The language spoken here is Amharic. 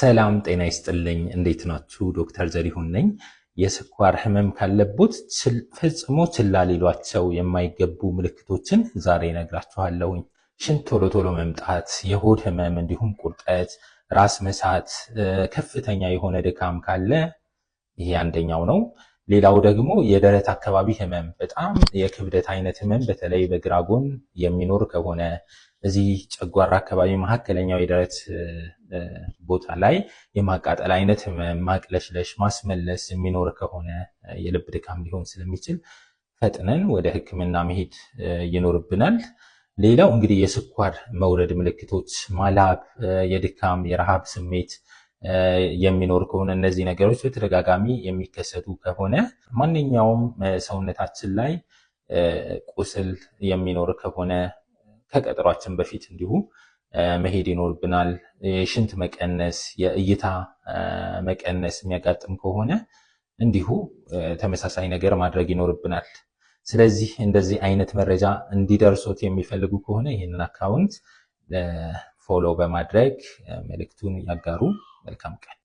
ሰላም ጤና ይስጥልኝ። እንዴት ናችሁ? ዶክተር ዘሪሁን ነኝ። የስኳር ህመም ካለቦት ፈጽሞ ችላ ሊሏቸው የማይገቡ ምልክቶችን ዛሬ ነግራችኋለሁኝ። ሽንት ቶሎ ቶሎ መምጣት፣ የሆድ ህመም እንዲሁም ቁርጠት፣ ራስ መሳት፣ ከፍተኛ የሆነ ድካም ካለ ይሄ አንደኛው ነው። ሌላው ደግሞ የደረት አካባቢ ህመም፣ በጣም የክብደት አይነት ህመም በተለይ በግራ ጎን የሚኖር ከሆነ እዚህ ጨጓራ አካባቢ መካከለኛው የደረት ቦታ ላይ የማቃጠል አይነት ህመም፣ ማቅለሽለሽ፣ ማስመለስ የሚኖር ከሆነ የልብ ድካም ሊሆን ስለሚችል ፈጥነን ወደ ህክምና መሄድ ይኖርብናል። ሌላው እንግዲህ የስኳር መውረድ ምልክቶች ማላብ፣ የድካም የረሃብ ስሜት የሚኖር ከሆነ እነዚህ ነገሮች በተደጋጋሚ የሚከሰቱ ከሆነ ማንኛውም ሰውነታችን ላይ ቁስል የሚኖር ከሆነ ከቀጠሯችን በፊት እንዲሁ መሄድ ይኖርብናል። የሽንት መቀነስ፣ የእይታ መቀነስ የሚያጋጥም ከሆነ እንዲሁ ተመሳሳይ ነገር ማድረግ ይኖርብናል። ስለዚህ እንደዚህ አይነት መረጃ እንዲደርሶት የሚፈልጉ ከሆነ ይህንን አካውንት ፎሎ በማድረግ መልእክቱን ያጋሩ። መልካም ቀን።